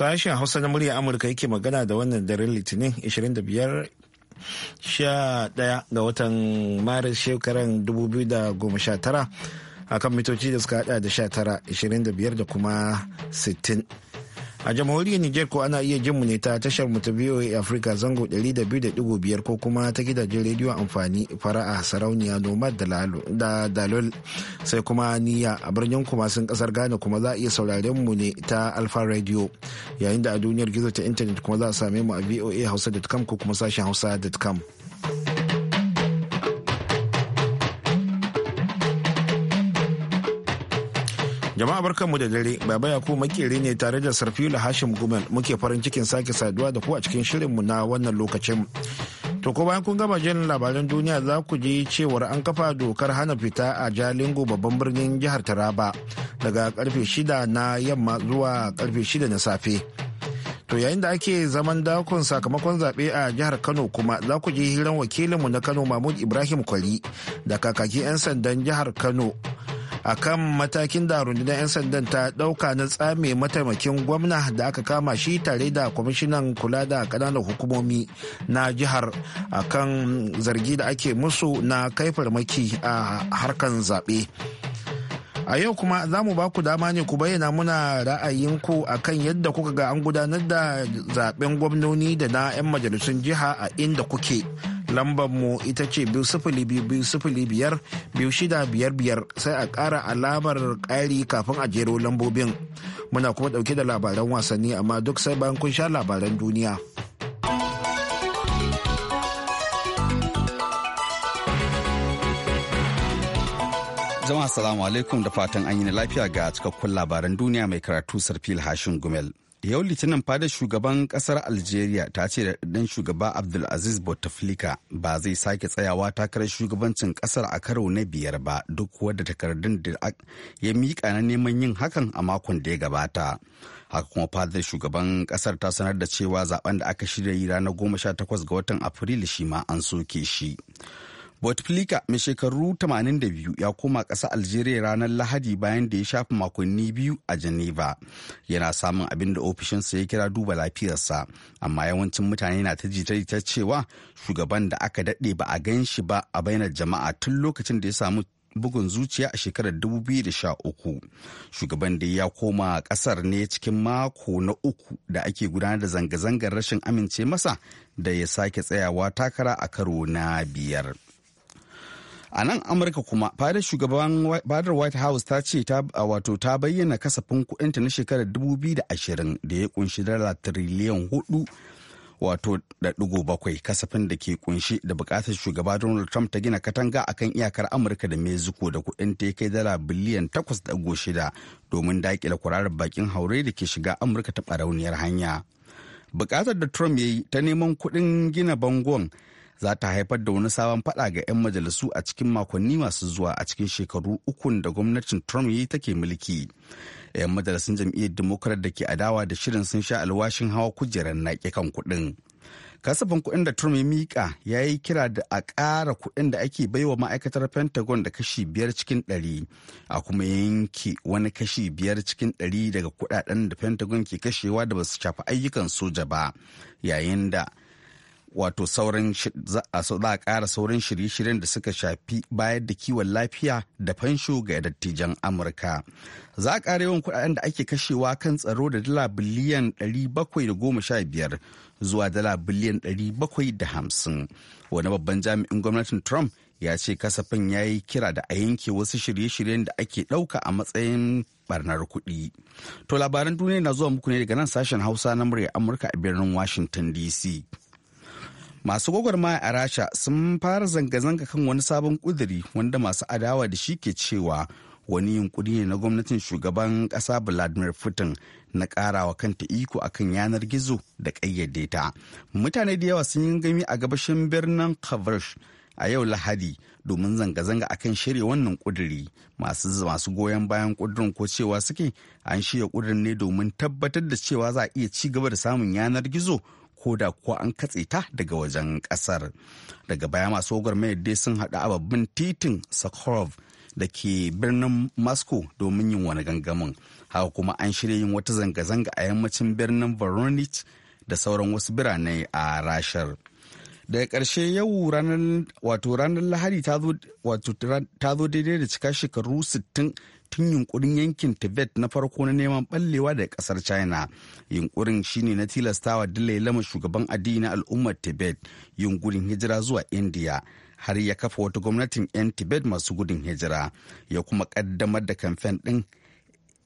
Sashen Hausa na murya Amurka yake magana da wannan daren Litinin 25 11 ga watan Maris shekaran 2019 akan mitoci da suka hada da 19, 25 da kuma 60. a jamhuriyar niger ko ana iya jin mu ne ta tashar mu ta voa africa zango 200.5 ko kuma ta gidajen rediyo amfani fara a sarauniya noma da dalol sai kuma niya a birnin kuma sun kasar ghana kuma za a iya sauraren mu ne ta alfa radio yayin da a duniyar gizo ta intanet kuma za a same mu a voa hausa.com ko kuma sashen hausa.com Jama'a mu da dare, Baba Yakubu makere ne tare da Sarfila Hashim Gumel muke farin cikin sake saduwa da ku a cikin shirin mu na wannan lokacin. To ko bayan kun gama jin labaran duniya za ku ji cewar an kafa dokar hana fita a Jalingo babban birnin jihar Taraba daga karfe shida na yamma zuwa karfe shida na safe. To yayin da ake zaman dakon sakamakon zaɓe a jihar Kano kuma za ku ji hiran wakilinmu na Kano Mahmud Ibrahim Kwali da kakaki 'yan sandan jihar Kano a kan matakin da rundunar 'yan sandan ta ɗauka na tsame mataimakin gwamna da aka kama shi tare da kwamishinan kula da ƙananan hukumomi na jihar a kan zargi da ake musu na kai farmaki a harkan zaɓe. a yau kuma za mu ba ku dama ne ku bayyana muna ra'ayinku a kan yadda kuka ga an gudanar da zaben gwamnoni da na 'yan majalisun jiha a inda kuke lambar mu ita ce biyu sifili biyu biyu sifili biyar biyu shida biyar biyar sai a ƙara alamar ƙari kafin a jero lambobin muna kuma ɗauke da labaran wasanni amma duk sai bayan kun sha labaran duniya. Jama'a salamu alaikum da fatan an yi lafiya ga cikakkun labaran duniya mai karatu Sarfil Hashin Gumel. da yau litinin fadar shugaban kasar algeria ta ce da ɗan shugaba abdulaziz bouteflika ba zai sake tsayawa takarar shugabancin kasar a karo na biyar ba duk wadda takardun da ya miƙa na neman yin hakan a makon da ya gabata haka kuma fadar shugaban kasar ta sanar da cewa zaben da aka shirya yi ranar goma sha takwas ga watan afrilu shi ma an soke shi Bouteflika mai shekaru 82 ya koma ƙasa Algeria ranar Lahadi bayan da ya shafi makonni biyu a Geneva. Yana samun abin da ofishinsa ya kira duba lafiyarsa, amma yawancin mutane na ta jita cewa shugaban da aka daɗe ba a gan shi ba a bainar jama'a tun lokacin da ya samu bugun zuciya a shekarar 2013 shugaban da ya koma kasar ne cikin mako na uku da ake gudanar da zanga-zangar rashin amince masa da ya sake tsayawa takara a karo na biyar. a nan amurka kuma fadar shugaban fadar white house ta ce ta wato ta bayyana kasafin kudinta na shekarar 2020 da ya kunshi dala tiriliyan hudu wato da digo bakwai kasafin da ke kunshi da bukatar shugaba donald trump ta gina katanga a kan iyakar amurka da mexico da kudin ta kai dala biliyan takwas shida domin daƙile kwararren bakin haure da ke shiga amurka ta barauniyar hanya bukatar da trump ya yi ta neman kudin gina bangon za ta haifar da wani sabon fada ga 'yan majalisu a cikin makonni masu zuwa a cikin shekaru uku da gwamnatin trump yi take mulki 'yan majalisun jam'iyyar democrat da ke adawa da shirin sun sha alwashin hawa kujerar naƙi kan kuɗin kasafin kuɗin da trump ya miƙa ya yi kira da a ƙara kuɗin da ake baiwa ma'aikatar pentagon da kashi biyar cikin ɗari a kuma yanke wani kashi biyar cikin ɗari daga kuɗaɗen da pentagon ke kashewa da basu shafi ayyukan soja ba yayin da wato sauran za a ƙara sauran shirye-shiryen da suka shafi bayar da kiwon lafiya da fansho ga dattijan amurka za a ƙara yawan kuɗaɗen da ake kashewa kan tsaro da dala biliyan 715 zuwa dala biliyan 750 wani babban jami'in gwamnatin trump ya ce kasafin ya yi kira da a yanke wasu shirye-shiryen da ake ɗauka a matsayin barnar kuɗi. To labaran duniya na zuwa muku ne daga nan sashen hausa na murya amurka a birnin washington dc. masu gwagwarmaya a rasha sun fara zanga-zanga kan wani sabon kuduri wanda masu adawa da shi ke cewa wani yunkuri ne na gwamnatin shugaban kasa vladimir putin na karawa kanta iko akan yanar gizo da kayyade ta mutane da yawa sun yi gami a gabashin birnin kavarsh a yau lahadi domin zanga-zanga akan shirya wannan kuduri masu masu goyon bayan kudurin ko cewa suke an shirya kudurin ne domin tabbatar da cewa za a iya ci gaba da samun yanar gizo ko da kuwa an katse ta daga wajen kasar daga baya masu gwagwarmayar dai sun haɗu a babban titin sakharov da ke birnin moscow domin yin wani gangamin haka kuma an shirya yin wata zanga-zanga a yammacin birnin voronich da sauran wasu birane a rashar daga ƙarshe yau ranar wato ranar lahadi ta zo daidai da cika shekaru sittin. tun yunkurin yankin tibet na farko na neman ɓallewa daga ƙasar china yunkurin shine na tilastawa dalai lama shugaban addini na al'ummar tibet yin gudun hijira zuwa india har ya kafa wata gwamnatin 'yan tibet masu gudun hijira ya kuma ƙaddamar da kamfen ɗin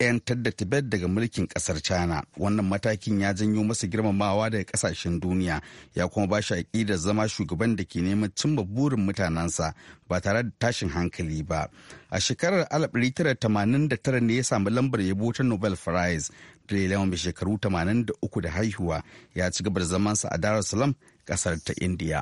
yantar da tibet daga mulkin kasar china wannan matakin ya janyo masa girmamawa daga kasashen duniya ya kuma ba shi aƙidar zama shugaban da ke neman cimma burin mutanensa ba tare da tashin hankali ba a shekarar 1989 ne ya samu lambar yabo ta nobel prize da mai shekaru 83 da haihuwa ya ci gaba da zamansa a dar es kasar ta india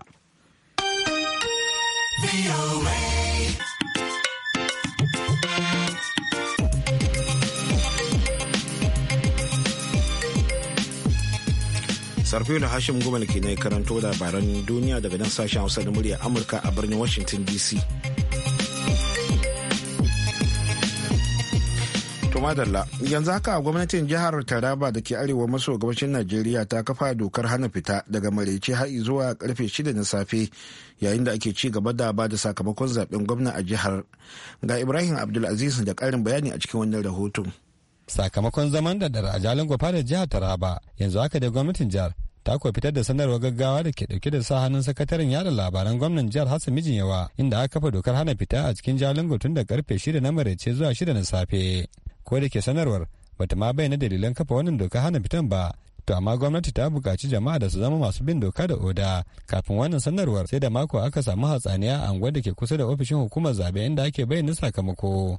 sarfila hashim gumal ke na karanto labaran duniya daga nan sashen hausa da murya amurka a birnin washington dc madalla yanzu haka gwamnatin jihar taraba da ke arewa maso gabashin najeriya ta kafa dokar hana fita daga maraice har zuwa karfe 6 na safe yayin da ake ci gaba da ba da sakamakon zaben gwamna a jihar ga ibrahim abdulaziz da karin bayani a cikin wannan rahoton sakamakon zaman da dara a jalin gwafa da jihar taraba yanzu haka da gwamnatin jihar ta kuwa fitar da sanarwar gaggawa da ke dauke da sa hannun sakataren yada labaran gwamnan jihar mijin yawa inda aka kafa dokar hana fita a cikin jalingo tun da karfe shida na maraice zuwa shida na safe ko da ke sanarwar bata ma bayyana dalilan kafa wannan dokar hana fitan ba to amma gwamnati ta buƙaci jama'a da su zama masu bin doka da oda kafin wannan sanarwar sai da mako aka samu hatsaniya a unguwar da ke kusa da ofishin hukumar zabe inda ake bayyana sakamako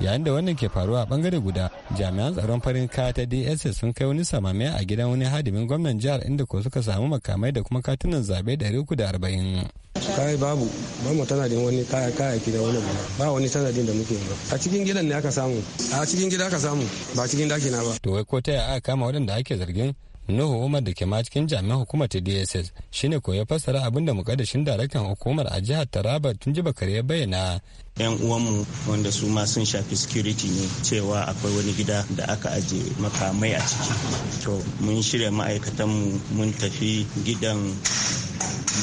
yayin da wannan ke faruwa bangare guda jami'an tsaron farin kaya ta DSS sun kai wani samame a gidan wani hadimin gwamnan jihar inda ko suka samu makamai da kuma katunan zabe 340 kai babu ba mu tanadin wani kaya ki da wani ba wani din da muke ba a cikin gidan ne aka samu a cikin gida aka samu ba cikin daki na ba to wai ko ta aka kama waɗanda ake zargin Nuhu Umar da ke ma cikin jami'an hukumar ta DSS shine ko ya fassara abin da mukaddashin daraktan hukumar a jihar Taraba tun ji Bakare ya bayyana. yan uwanmu wanda su ma sun shafi security ne cewa akwai wani gida da aka aje makamai a ciki to mun shirya ma'aikatanmu mun tafi gidan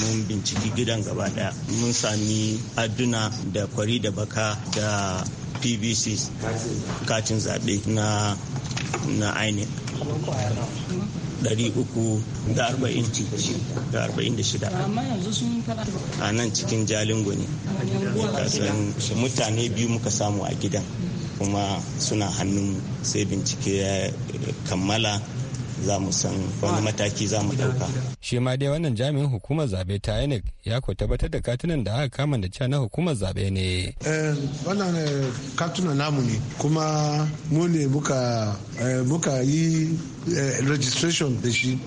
mun binciki gidan gaba daya mun sami aduna da kwari da baka da pvc katin zaɓe na na ainihin 346 a nan cikin jalingo ne mutane biyu muka samu a gidan kuma suna hannun sai bincike ya kammala za mu san wani mataki za mu ɗauka. shi ma dai wannan jami'in hukumar zabe ta inec ya ko tabbatar da katunan da aka kama da cewa na hukumar zabe ne. Eh, wannan eh, katuna namu ne kuma mu ne muka eh, yi registration da shi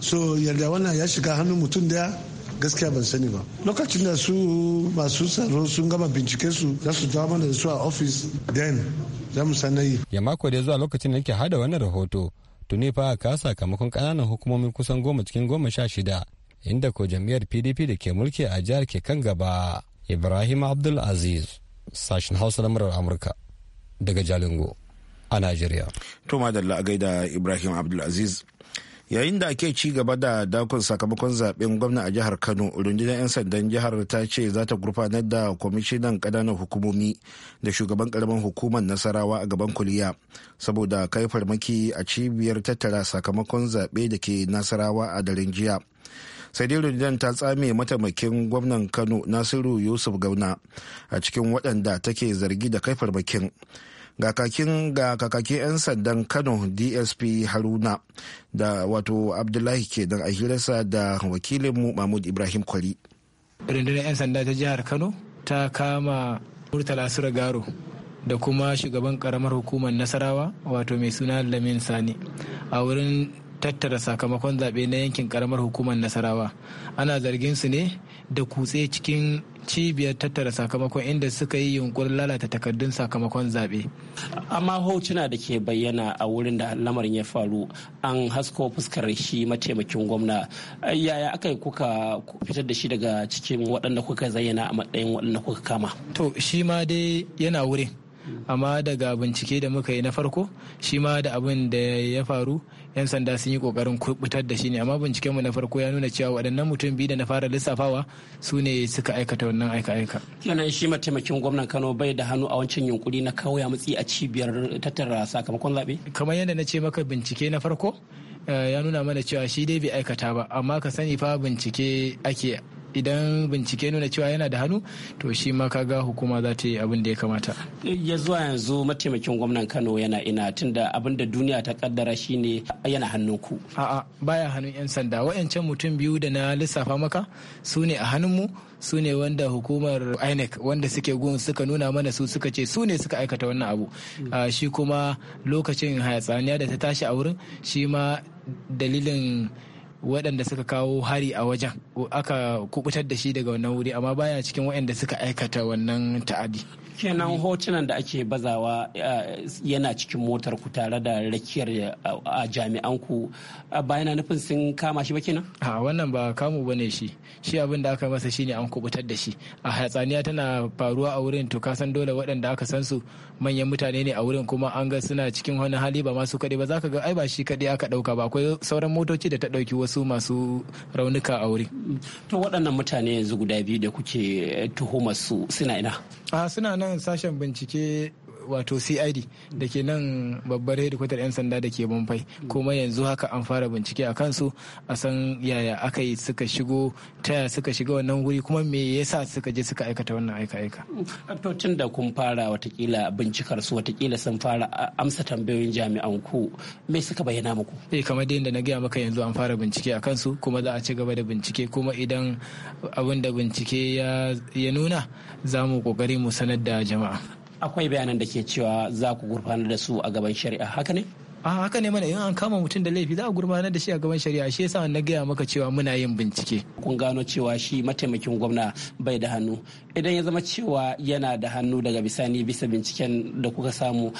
so yadda wannan ya shiga hannun mutum da gaskiya ban sani ba lokacin da su masu tsaro sun gama bincike su za su dawo mana da su a ofis den za mu sanayi ya mako da zuwa lokacin da yake hada wannan rahoto tuni fa ka sakamakon kananan hukumomin kusan goma cikin goma sha shida inda ko jam'iyyar pdp da ke mulki a jihar ke kan gaba ibrahim abdul aziz sashen hausa na murar amurka daga jalingo a najeriya to madalla a gaida ibrahim abdul aziz yayin da ake ci gaba da dakon sakamakon zaben gwamna a jihar kano rundunar 'yan sandan jihar ta ce za ta gurfanar da kwamishinan kananan hukumomi da shugaban karamin hukumar nasarawa a gaban kuliya saboda kai farmaki a cibiyar tattara sakamakon zaɓe da ke nasarawa a daren jiya sai dai rundunar ta tsame mataimakin gwamnan kano nasiru yusuf gauna a cikin waɗanda take zargi da kai farmakin ga kakin ga kakakin 'yan sandan kano dsp haruna da wato abdullahi ke don a hirarsa da wakilinmu mahmud ibrahim kwali rundunar 'yan sanda ta jihar kano ta kama murtala suragaro da kuma shugaban karamar hukumar nasarawa wato mai suna lamin sani a wurin tattara sakamakon zaɓe na yankin karamar hukumar nasarawa ana zargin su ne da kutse cikin cibiyar tattara sakamakon inda suka yi yunkurin lalata takardun sakamakon zaɓe amma hotuna da ke bayyana a wurin da lamarin ya faru an hasko fuskar shi mataimakin gwamna yaya aka yi kuka fitar da shi daga cikin waɗanda kuka zayyana a matsayin waɗanda kuka kama to shi ma dai yana wurin amma daga bincike da muka yi na farko shi ma da abin da ya faru yan sanda sun yi kokarin kubutar da shi ne amma binciken mu na farko ya nuna cewa waɗannan mutum biyu da na fara lissafawa su ne suka aikata wannan aika-aika kenan shi mataimakin gwamnan Kano bai da hannu a wancan yunkuri na kawo ya matsi a cibiyar tattara sakamakon zaɓe kamar yadda na ce maka bincike na farko eh, ya nuna mana cewa shi dai bai aikata ba amma ka sani fa bincike ake idan bincike nuna cewa yana da hannu to shi ma kaga hukuma za ta yi abin da ya kamata ya zuwa yanzu mataimakin gwamnan kano yana ina tunda abin da duniya ta kaddara shine yana hannun ku a'a baya hannun yan sanda wayancan mutum biyu da na lissafa maka su ne a hannun mu su ne wanda hukumar inec wanda suke gun suka nuna mana su suka ce su ne suka aikata wannan abu shi kuma lokacin hayatsaniya da ta tashi a wurin shi ma dalilin waɗanda suka kawo hari a wajen aka kubutar da shi daga wannan wuri amma baya cikin waɗanda suka aikata wannan ta'adi kenan hotunan da ake bazawa eh, yana cikin motar ku tare da rakiyar eh, a jami'an ku bayan nufin sun kama shi ba kenan a wannan ba kamu bane shi shi abin da aka masa shine an kubutar da shi a hatsaniya tana faruwa a wurin to kasan dole waɗanda aka san su manyan mutane ne a wurin kuma an ga suna cikin wani hali ba masu kaɗai ba za ka ga ai ba shi kaɗai aka ɗauka ba akwai sauran motoci da ta ɗauki wasu masu raunuka a wurin to waɗannan mutane yanzu guda biyu da kuke eh, tuhumar su suna ina a ah, suna nan sashen bincike wato cid da ke nan babbar hedikwatar 'yan sanda da ke bamfai kuma yanzu haka an fara bincike a kansu a san yaya aka yi suka shigo ta suka shiga wannan wuri kuma me yasa suka je suka aikata wannan aika-aika tun da kun fara watakila bincikar su watakila sun fara amsa tambayoyin jami'an ku me suka bayyana muku eh kamar yadda na gaya maka yanzu an fara bincike a kansu kuma za a ci gaba da bincike kuma idan abin da bincike ya nuna za mu kokari mu sanar da jama'a akwai bayanan da ke cewa za ku gurfanar da su a gaban shari'a haka ne a haka ne mana in an kama mutum da laifi za a gurfanar da shi a gaban shari'a shi yasa na gaya maka cewa muna yin bincike kun gano cewa shi mataimakin gwamna bai da hannu idan ya zama cewa yana da hannu daga bisani bisa binciken da kuka samu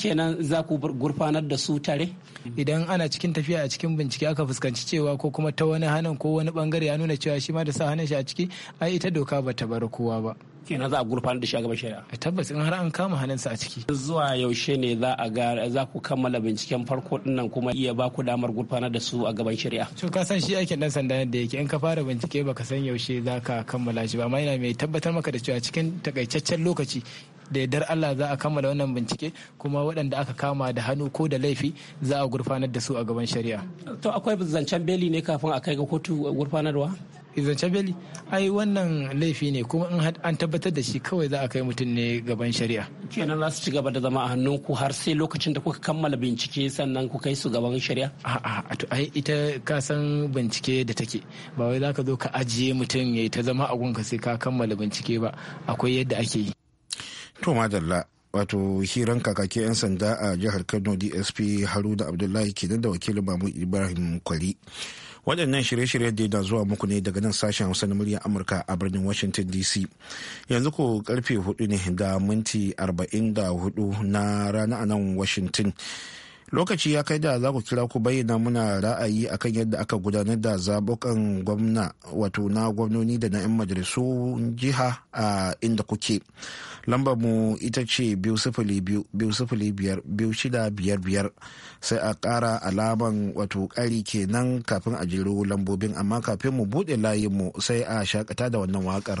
kenan za ku gurfanar da su tare idan ana cikin tafiya a cikin bincike aka fuskanci cewa ko kuma ta wani hannun ko wani bangare ya nuna cewa shi ma da sa hannun shi a ciki ai ita doka ba ta bar kowa ba kenan za a gurfanar da shi a gaban shari'a a eh, tabbas in har an kama hannun sa a ciki zuwa yaushe ne za a ga za ku kammala binciken farko dinnan kuma iya ba ku damar gurfanar da su a gaban shari'a to ka san shi aikin dan sanda da yake in ka fara bincike baka san yaushe za ka kammala shi ba amma yana mai tabbatar maka da cewa cikin takaitaccen lokaci da yardar Allah za a kammala wannan bincike kuma waɗanda aka kama da hannu ko da laifi za a gurfanar da su a gaban shari'a. To akwai zancen beli ne kafin a kai ga kotu gurfanarwa? zancen beli ai wannan laifi ne kuma in an tabbatar da shi kawai za a kai mutum ne gaban shari'a kenan za su ci gaba da zama a hannun ku har sai lokacin da kuka kammala bincike sannan ku kai su gaban shari'a a'a to ai ita ka san bincike da take ba wai za ka zo ka ajiye mutum ya ta zama a gunka sai ka kammala bincike ba akwai yadda ake yi to madalla wato hiran kakake 'yan sanda a jihar kano dsp haruna abdullahi kenan da wakilin mamu ibrahim kwari waɗannan shirye-shirye da na zuwa muku ne daga nan sashen hausa na muryar amurka a birnin washington dc yanzu ko karfe hudu ne ga minti 44 na rana a nan washington lokaci ya kai da za ku kira ku bayyana muna ra'ayi akan yadda aka gudanar da zaɓukan gwamna wato na gwamnoni da na 'yan majalisu jiha a inda kuke lambar mu ita ce biyu sifili shida biyar biyar sai a ƙara alaman wato ƙari kenan kafin a jiro lambobin amma kafin mu buɗe layinmu sai a shakata da wannan waƙar.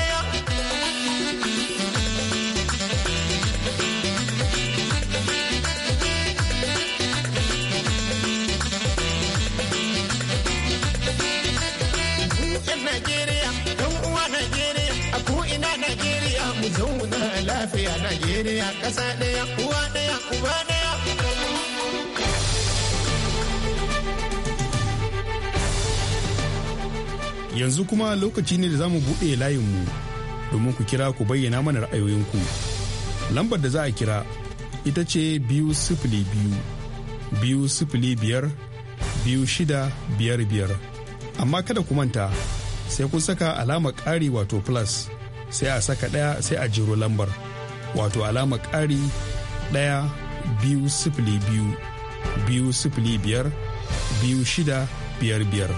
Yanzu kuma lokaci ne da za mu buɗe layinmu domin ku kira ku bayyana mana ra'ayoyinku. Lambar da za a kira ita ce biyu sifili biyu biyu biyar biyu shida amma kada ku manta sai kun saka alamar ƙari wato plus sai a saka ɗaya sai a jiro lambar. wato alama ƙari ɗaya biyu sifili biyu biyu sifili biyar biyu shida biyar biyar.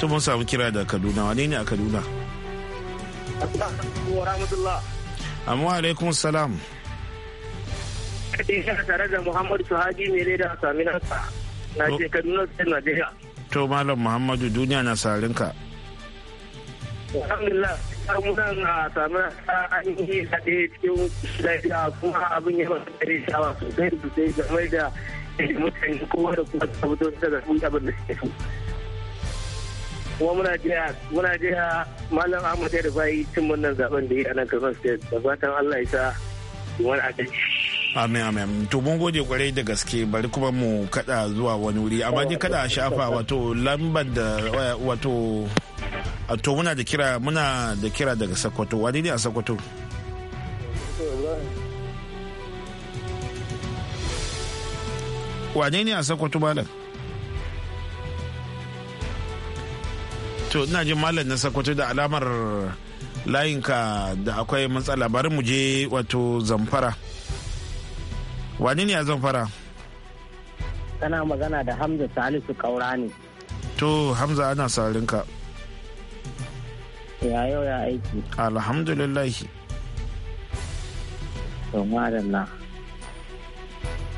Tun mun samu kira da Kaduna wane ne a Kaduna? Amma alaikun salam. Ina tare da Muhammadu Suhaji mai da Saminata na je Kaduna Najeriya. To Malam Muhammadu duniya na sarinka. alhamdulillah har munan ah, a samu ainihin haɗe cikin lafiya kuma abin yawan kare shawa sosai sosai game da mutane kowa da kuma tabbatar da zafin abin da suke so. kuma muna jiya muna jiya malam Ahmad ya rufayi cin wannan zaben da yi a nan Kano State da fatan Allah ya sa wani adalci. Amin amin to mun gode kwarai da gaske bari kuma mu kada zuwa wani wuri amma ni kada a shafa wato lambar da wato to muna da kira muna da kira daga Sokoto wani ne a Sokoto wane ne a Sokoto malam to ina jin malam na Sokoto da alamar layinka da akwai matsala bari mu je wato zamfara wani ne a zamfara kana magana da hamza salisu kaura ne to hamza ana ka. Ya yau ya aiki. Alhamdulillah. To madalla.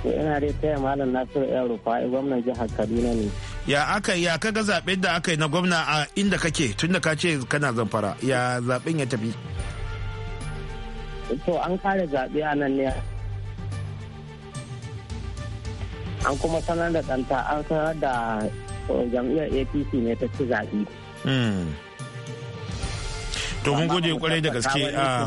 To ina dai taya malam Nasiru ɗan rufa'i gwamnan jihar Kaduna ne. Ya aka ya kaga zaɓen da aka yi na gwamna a inda kake tun da ka ce kana zamfara ya zaɓen ya tafi. To an kare zaɓe a nan ne an kuma sanar da ɗanta an sanar da eh, jam'iyyar apc ne ta ci zaɓe hmm. to mun gode kwarai da gaske a ah.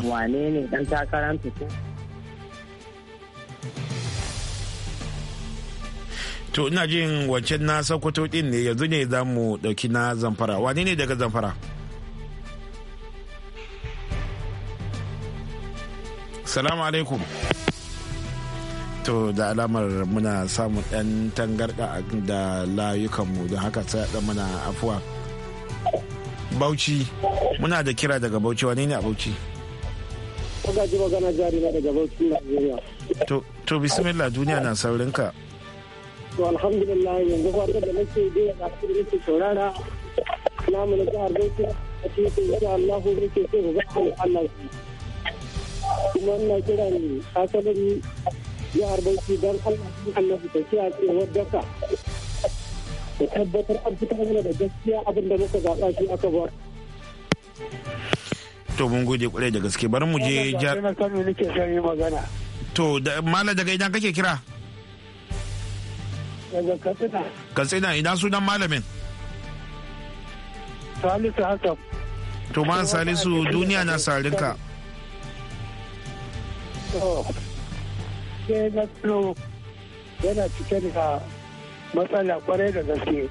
to ina jin wancan na sokoto din ne yanzu ne za mu dauki na zamfara wane ne daga zamfara salamu alaikum to da alamar muna samun dan tangarɗa da layukanmu don haka sai da muna afuwa Bauchi muna da kira daga Bauchi wani ne a Bauchi? magana daga To bismillah duniya na saurin ka. To alhamdulillah yanzu ba da nake je da kafin nake saurara namu na jihar Bauchi a cikin yadda Allah nake so ga zafin Allah. Kuma na kira ne asalin jihar Bauchi don Allah shi ta kiyaye wadda ka. da tabbatar an fitar mana da gaskiya abin da muka zaɓa shi aka bar. To mun gode kwarai da gaske bari mu je jihar. To da mala daga idan kake kira? Daga Katsina. Katsina idan sunan malamin. Salisu Hassan. To ma Salisu duniya na to sai sarinka. yana cike da matsala kwarai da gaske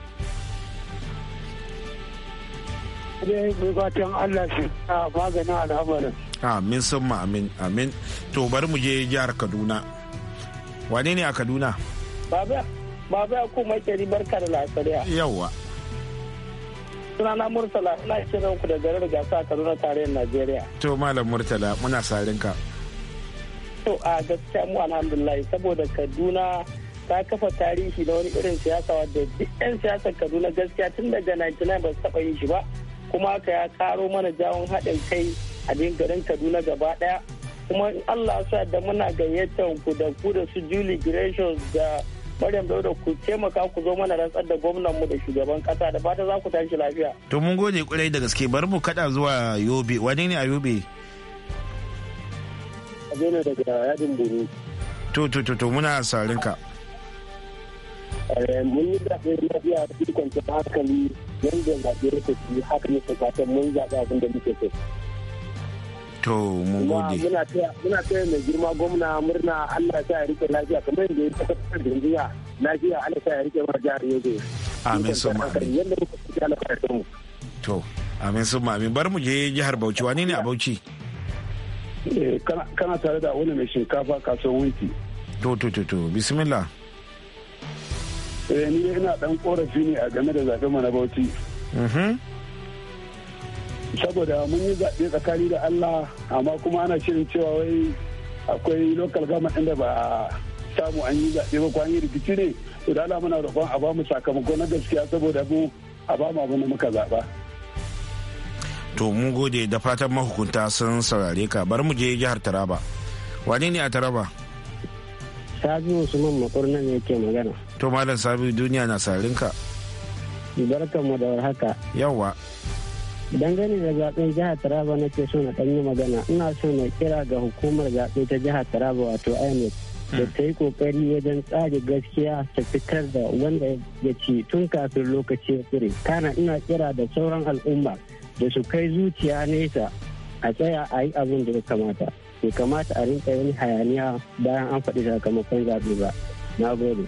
maganin amin sun ma amin amin to bari mu je jihar kaduna wane ne a kaduna baba baba kuma kiri barka da lasariya yawa sunana murtala ina kiran ku da garin gasa a kaduna tarayyar najeriya to malam murtala muna sarinka. ka to a gaskiya mu alhamdulillah saboda kaduna ta kafa tarihi na wani irin siyasa wadda duk 'yan siyasar kaduna gaskiya tun daga 99 ba su taɓa yin shi ba kuma haka ya karo mana jawon haɗin kai a garin kaduna gaba ɗaya kuma in allah sa da muna gayyatar ku da ku da su julie gracious da Maryam Dauda ku taimaka ku zo mana rantsar da gwamnan mu da shugaban kasa da fata za ku tashi lafiya. To mun gode kurai da gaske bar mu kada zuwa Yobe wani ne a Yobe? Aje ne daga yadin buru. To to to muna sarinka. Eh, mun yi zaɓe lafiya su kwanci hankali yadda Najeriya ta ci haka ne fata mun zaɓe abin da muke so. To mun gode. Muna taya mai girma gwamna murna Allah ya sa ya rike lafiya kamar yadda ya kasar da yanzu lafiya Allah sa ya rike ma jihar Yobe. Amin sun Yadda muka ci Allah da ya To amin sun amin bar mu je jihar Bauchi wani ne a Bauchi? Eh, kana tare da wani mai shinkafa kasuwanci. To to to to bismillah. eh ni yana dan korafi ne a game da zaɓen mana bauchi mhm. saboda mun yi zaɓe tsakani da allah amma kuma ana shirin cewa wai akwai local gama inda ba a samu an yi zaɓe ba ko an yi rikici ne to da allah muna roƙon a ba mu sakamako na gaskiya saboda mu a ba mu abin da muka zaɓa to mu gode da fatan mahukunta sun saurare ka bar mu je jihar taraba wani ne a taraba Sabi usman makurna ne yake magana to malam sabi duniya na sarin ka barkan mu da haka yawa dangane da zaben jihar taraba na ke so na ɗan yi magana ina so na kira ga hukumar zaɓe ta jihar taraba wato inec da ta yi kokari wajen tsari gaskiya ta fitar da wanda ya ci tun kafin lokaci ya tsire kana ina kira da sauran al'umma da su kai zuciya nesa a tsaya a yi abin da ya kamata bai kamata a rinka yin hayaniya bayan an faɗi sakamakon zaɓe ba na gode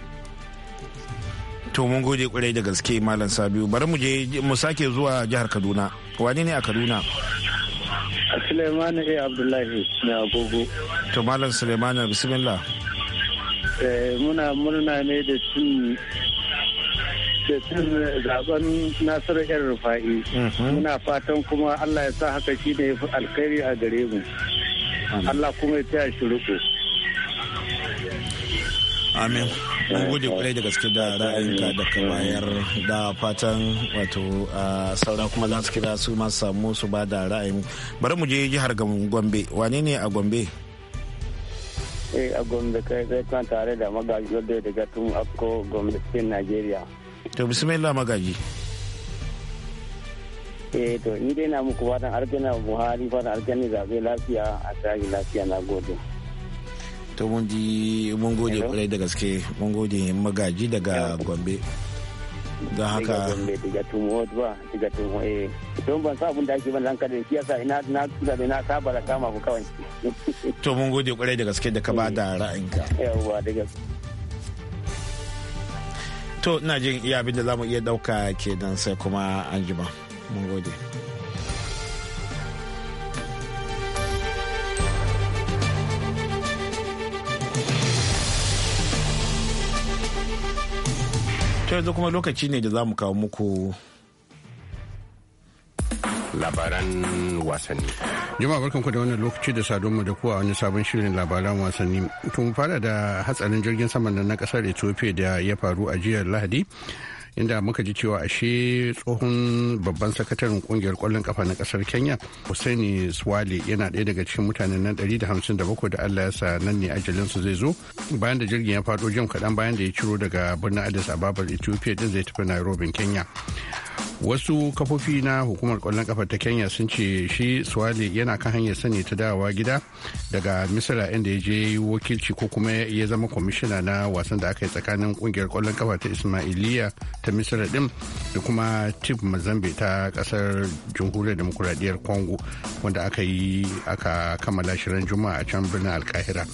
to mun gode kwarai da gaske malam sabiu bari mu je mu sake zuwa jihar kaduna wani ne a kaduna suleiman a abdullahi mai agogo to malam suleiman bismillah eh, muna murna ne da cin zaben nasiru yan rufa'i mhm. muna fatan kuma allah ya sa haka shi ne alkhairi a gare mu allah kuma ya taya shi riko amin mun gode kwarai da gaske da ra'ayinka da kamayar da fatan wato sauran kuma za su kira su masu samu su ba da ra'ayin bari mu je jihar gombe wane ne a gombe eh a gombe kai zai kan tare da magaji wadda daga tun afko gombe cikin najeriya to bismillah magaji eh to ni dai na muku fatan arkana buhari fatan arkana zabe lafiya a tsari lafiya na gode to mun ji mun gode kwarai da gaske mun gode magaji daga gombe don haka na tura da na da kama ku to mun gode kwarai da gaske da ka ba da ra'ayinka yawa to na jin iya abin da zamu iya dauka kenan sai kuma anjima mun gode to yanzu kuma lokaci ne da za mu kawo muku labaran wasanni. Jama'a barkanku da wannan lokaci da sadonmu da kuwa wani sabon shirin labaran wasanni. Tun fara da hatsarin jirgin saman na kasar Ethiopia da ya faru a jiya Lahadi inda muka ji cewa ashe tsohon babban sakataren kungiyar kwallon kafa na kasar kenya hussaini swale yana ɗaya daga cikin mutane nan 157 da allah ya sa nan ne su zai zo bayan da jirgin ya faɗo jam kaɗan bayan da ya ciro daga birnin addis babar ethiopia din zai tafi nairobi kenya wasu kafofi na hukumar kwallon kafa ta kenya sun ce shi swale yana kan hanyar sani ta dawowa gida daga misira inda ya je wakilci ko kuma ya zama kwamishina na wasan da aka yi tsakanin kungiyar kwallon kafa ta ismailiya ta misira din da kuma tip mazambe ta kasar jamhuriyar demokuraɗiyyar congo wanda aka yi aka kammala shirin juma'a a can birnin alkahira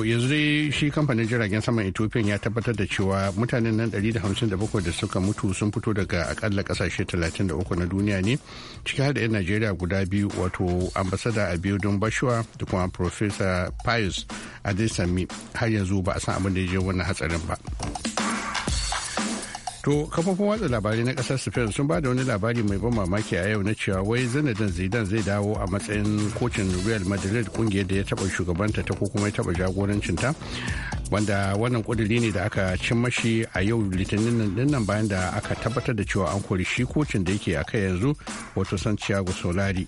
to yanzu dai shi kamfanin jiragen saman ethiopian ya tabbatar da cewa mutanen nan 157 da suka mutu sun fito daga akalla kasashe 33 na duniya ne ciki har da 'yan najeriya guda biyu wato ambasada a biyu don bashuwa da kuma professor pius adesami har yanzu ba a san abin da ya je wannan hatsarin ba. To kafofin watsa labarai na kasar Spain sun ba da wani labari mai ban mamaki a yau na cewa wai zanadin Zidane zai dawo a matsayin kocin Real Madrid kungiyar da ya taba shugabanta ta ko kuma ya taba jagorancinta. Wanda wannan kudiri ne da aka cin mashi a yau litinin nan bayan da aka tabbatar da cewa an kori shi kocin da yake a kai yanzu wato Santiago Solari.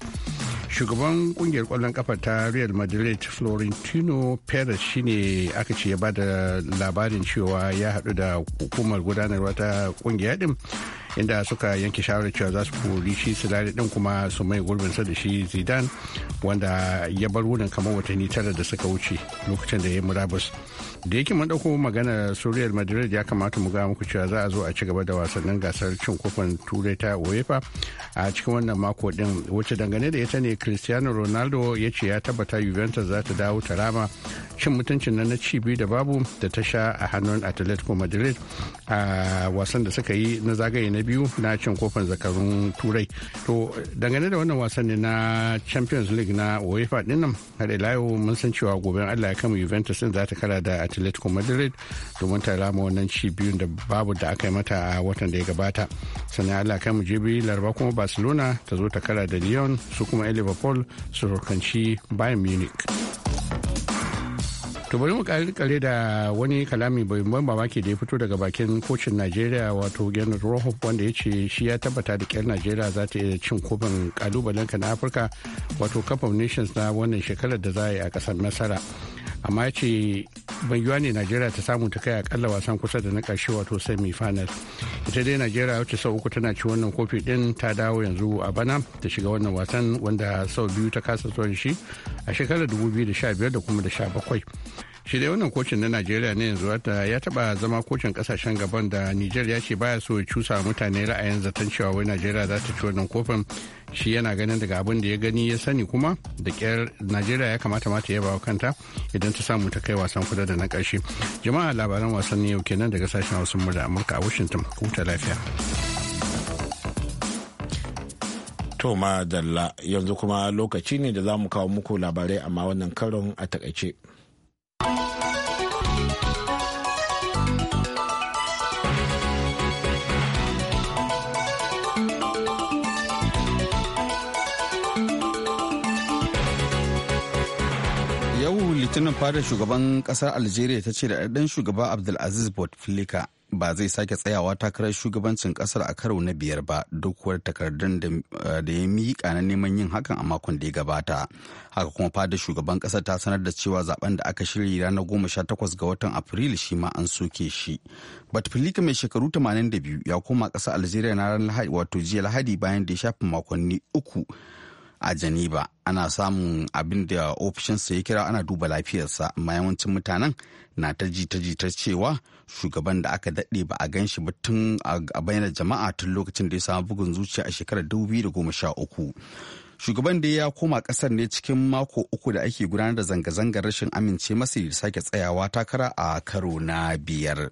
shugaban kungiyar kwallon kafa ta real madrid florentino perez shine aka ce ya ba da labarin cewa ya hadu da hukumar gudanarwa ta kungiyar din inda suka yanke shawarar cewa za su kori shi su dare din kuma su mai gurbin sa da shi zidane wanda ya bar wurin kamar watanni tara da suka wuce lokacin da ya yi murabus da yake mun dauko magana Real madrid ya kamata mu ga muku cewa za a zo a ci gaba da wasannin gasar cin kofin turai ta uefa a cikin wannan mako din wacce dangane da ita ne cristiano ronaldo ya ce ya tabbata juventus za ta dawo ta rama cin mutuncin nan na ci biyu da babu da ta sha a hannun atletico madrid a wasan da suka yi na zagaye na biyu na cin kofin zakarun turai to dangane da wannan wasan na champions league na uefa dinnan har ila yau mun san cewa gobe allah ya kama juventus din za ta kara da atletico madrid domin ta rama wannan ci biyun da babu da aka yi mata a watan da ya gabata sannan allah kai mu jibi laraba kuma barcelona ta zo ta kara da lyon su kuma liverpool su rokanci bayern munich to bari mu kare da wani kalami bai mamaki da ya fito daga bakin kocin najeriya wato gernot rohoff wanda ya ce shi ya tabbata da kyar najeriya za ta iya cin kofin kalubalen na afirka wato cup of nations na wannan shekarar da za a yi a kasar nasara amma ya ce ban yiwa ne najeriya ta samu ta kai akalla wasan kusa da na karshe wato semi final ita dai najeriya wacce sau uku tana ci wannan kofi din ta dawo yanzu a bana ta shiga wannan wasan wanda sau biyu ta kasa zuwan shi a shekarar 2015 da kuma da 17 shi dai wannan kocin na najeriya ne yanzu wata ya taba zama kocin kasashen gaban da niger ya ce baya so ya cusa mutane ra'ayin zaton cewa wai najeriya za ta ci wannan kofin shi yana ganin daga abin da ya gani ya sani kuma da kyar najeriya ya kamata mata ya bawa kanta idan ta samu ta kai wasan kudu da na karshe jama'a labaran wasanni yau kenan daga sashen hausa murda amurka a washington huta lafiya to dalla yanzu kuma lokaci ne da za mu kawo muku labarai amma wannan karon a takaice. Thank you. litinin fadar shugaban kasar algeria ta ce da ɗan shugaba abdulaziz bouteflika ba zai sake tsayawa takarar shugabancin kasar a karo na biyar ba duk wani takardun eh, da ya miƙa na neman yin hakan a makon da ya gabata haka kuma fadar shugaban kasar ta sanar da cewa zaben da aka shirya ranar goma sha takwas ga watan afrilu shi ma an soke shi batfilika mai shekaru 82 ya koma kasar algeria na ranar lahadi wato jiya lahadi bayan da ya shafi makonni uku a Geneva ana samun abin da ofishinsa ya kira ana duba lafiyarsa amma yawancin mutanen na ta jita-jita cewa shugaban da aka daɗe ba a gan shi ba tun a bayyana jama'a tun lokacin da ya samu bugun zuciya a shekarar 2013 shugaban da ya koma ƙasar ne cikin mako uku da ake gudanar da zanga-zangar rashin amince masa da sake tsayawa takara a karo na biyar.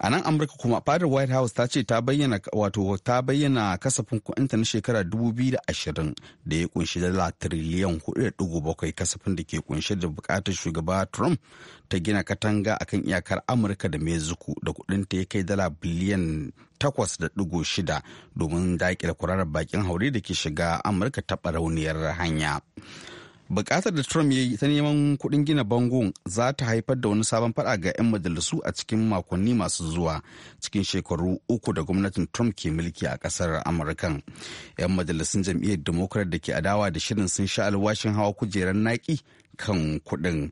a nan amurka kuma fadar white house ta ce ta bayyana wato ta bayyana kasafin kuɗinta na shekara 2020 da ya kunshi dala tiriliyan 4.7 kasafin da ke kunshe da bukatar shugaba trump ta gina katanga akan iyakar amurka da mexico da kuɗinta ya kai dala biliyan 8.6 domin daƙile kurarar bakin haure da ke shiga amurka ta barauniyar hanya. bukatar da trump ya yi ta neman kudin gina bangon za ta haifar da wani sabon fada ga 'yan majalisu a cikin makonni masu zuwa cikin shekaru uku da gwamnatin trump ke mulki a kasar amurkan 'yan majalisun jam'iyyar democrat da ke adawa da shirin sun sha alwashin hawa kujerar naki kan kudin.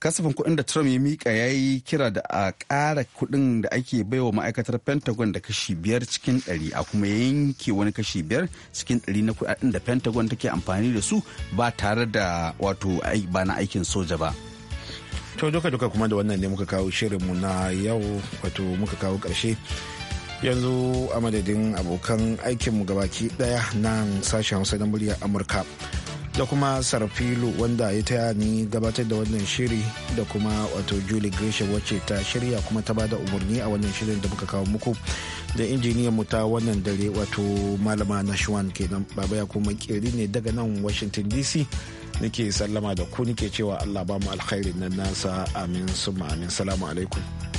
kasafin kuɗin da trump ya mika ya yi kira da a ƙara kuɗin da ake baiwa ma'aikatar pentagon da kashi biyar cikin ɗari a kuma yanke wani kashi biyar cikin ɗari na kuɗaɗen da pentagon take amfani da su ba tare da wato ba na aikin soja ba to duka duka kuma da wannan ne muka kawo shirinmu na yau wato muka kawo karshe. yanzu a madadin abokan aikinmu gabaki daya na sashen hausa na muryar amurka da kuma sarfilu wanda ya taya ni gabatar da wannan shiri da kuma wato juli gresham wacce ta shirya kuma ta bada umarni a wannan shirin da muka kawo muku da injiniyan mu ta wannan dare wato malama na shuwan kenan baba ya kuma keri ne daga nan washington dc nake sallama da ku nake cewa allah ba mu alkhairi nan nasa amin summa amin salamu alaikum